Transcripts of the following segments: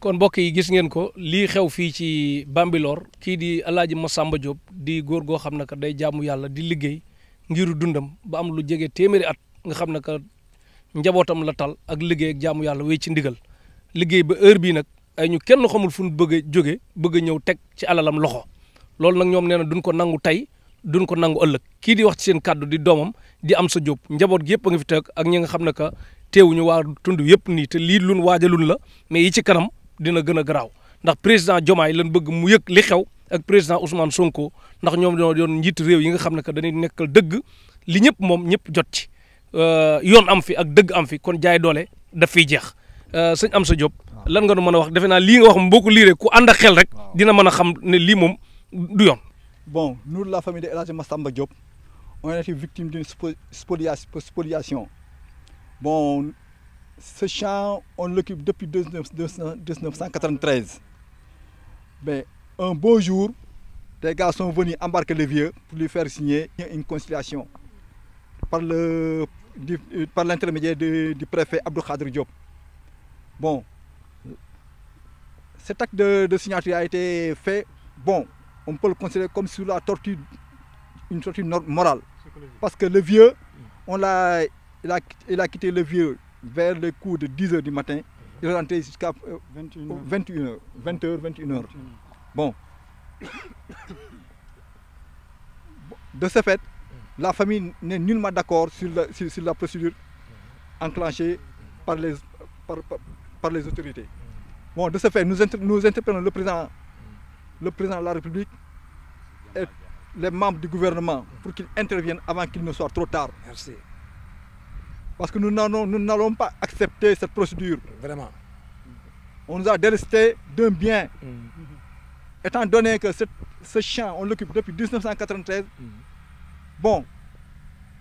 kon mbokk yi gis ngeen ko lii xew fii ci Bambilor kii di El ma Massamba jóob di góor goo xam ne que day jaamu yàlla di liggéey ngir dundam ba am lu jege téeméeri at nga xam ne que njabootam la tal ak liggéey ak jaamu yàlla wéy ci ndigal liggéey ba heure bii nag ay ñu kenn xamul fu ñu bëgg jóge bëgg ñëw teg ci alalam loxo loolu nag ñoom nee na duñ ko nangu tey duñ ko nangu ëllëg kii di wax ci seen kàddu di doomam di am sa Diop njaboot gi yëpp a nga fi teg ak ñi nga xam ne que teewuñu waa tund yëpp nii te lii luñ waajalun la mais yi ci kanam dina gën a garaaw ndax président Diomaye lan bëgg mu yëg li xew ak président Ousmane Sonko ndax ñoom ñoo doon njiitu réew yi nga xam ne que dañuy nekkal dëgg li ñëpp moom ñëpp jot ci euh, yoon am fi ak dëgg am fi kon jaay doole daf fiy jeex euh, sëñ sa Diop lan nga nu mën a wax defe naa li nga wax moom boo ko ku ànd ak xel rek dina mën a xam ne lii moom du yoon. bon nous la famille de El Hadj Massamba Diop on a été victime d'une spoliation ce champ, on l'occupe depuis 1993. Mais un beau jour, des gars sont venus embarquer le vieux pour lui faire signer une conciliation par le par l'intermédiaire du, du, préfet Abdou Khadr Diop. Bon, cet acte de, de, signature a été fait, bon, on peut le considérer comme sur la torture, une torture morale. Parce que le vieux, on l'a, il, a, il a quitté le vieux vers les coups de dix heures du matin mhm. il rentrait jusqu'à euh, vingt une bon de ce mhm. la famille n'est nullement d'accord sur la sur, sur la procédure mhm. enclenchée par les par, par, les autorités bon de ce fait nous inter, nous le président le président de la et les membres du gouvernement pour qu'ils avant qu'il ne soit trop tard. Parce que nous n'allons pas accepter cette procédure. Vraiment. On nous a délesté d'un bien. Mmh. Étant donné que ce, ce champ, on l'occupe depuis 1993, mmh. bon,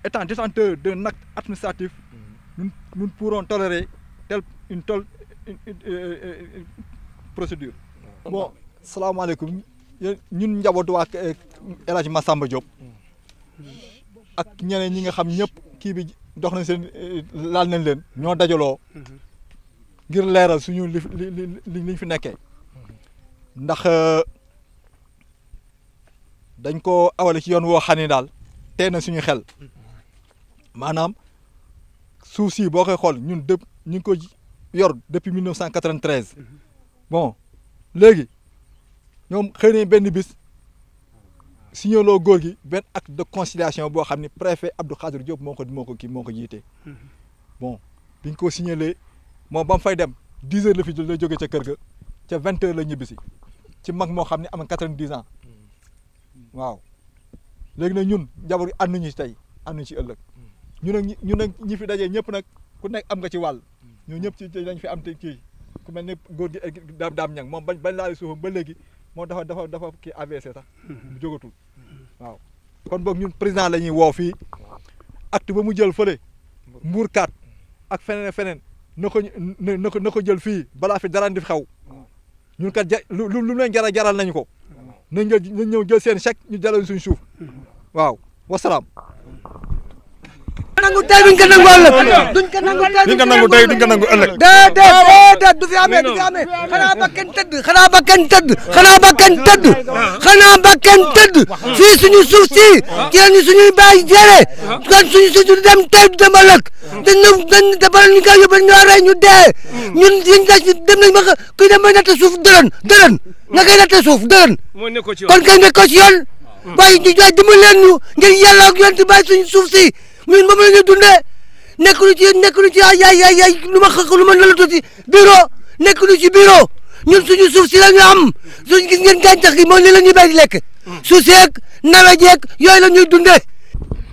étant détenteur d'un acte administratif, mmh. nous, nous, ne pourrons tolérer telle une, telle une, une, euh, euh, euh, procédure. Ah, bon salaamaaleykum ñun njabootu waa El Hadj Massamba Diop mm. ak ñeneen ñi nga xam ñëpp kii bi. dox nañ seen laal nañ leen ñoo dajaloo ngir leeral suñu li li liñ fi nekkee ndax euh, dañ ko awale ci yoon woo xam daal tee na suñu xel maanaam suuf si boo koy xool ñun dëpp ñu ngi ko yor depuis 1993 bon léegi ñoom xëy na benn bis. signaloo góor gi benn ak de conciliation boo xam ne préfet Abdou Khadir Diop moo ko moo ko kii moo ko jiite. Mhm. bon bi ñu ko signalee moom ba mu fay dem dix heures la fi la jóge ca kër ga ca vingt heures la ñibbisi ci mag moo xam ne am na quatre-vingt-dix ans mhm. waaw léegi na ñun njaboot an ànduñu ci tey ànduñu si ëllëg ñu nag ñu nag ñi fi dajee ñëpp nag ku nekk am nga ci wàll mhm. ñoo ñëpp ci dañ fi am te kii ku mel ne góor gi daam daam ñang moom bañ bañ laal suufam ba léegi moom dafa dafa dafa kii AVC sax mu jógatul waaw kon boog ñun président la ñuy woo fii acte ba mu jël fële kaat ak feneen feneen na ko na ko na ko jël fii bala fi dara di xew ñun kat ja lu lu leen jaral jaral nañu ko nañ jël nañ ñëw jël seen chèque ñu jëloon suñ suuf waaw wasalaam. nangu tey duñ ko nangu ëllëg duñ ko nangu tey duñ ko nangu tey duñ ko nangu ëllëg déedéet déedéet du fi amee du fi amee xanaa ba kenn tëdd xanaa ba kenn tëdd xanaa ba kenn tëdd xanaa ba kenn tëdd fii suñu suuf si ci lañu suñuy bàyyi jere kon suñu suuf du dem tey du dem ëllëg dañ ñu dañ defal ñu koy yóbbu ñoo rey ñu dee ñun yiñ des dem nañ ba kuy dem ba natt suuf dërën dërën nga koy natt suuf dërën kon kay nekkoo ci yoon hmm. waaye ñu jox dimbali leen ñu ngir yàlla ak yoon ti bàyyi suñu suuf si ñun moom la ñuy dundee nekk lu ci nekk lu ci ay ay ay ay lu ma xëq lu ma la tuuti bureau nekk lu ci bureau ñun suñu suuf si la ñu am suñ gis ngeen gàncax gi mooy li la ñu béy di lekk. Mm. su seeg nawet yeeg yooyu la ñuy dundee.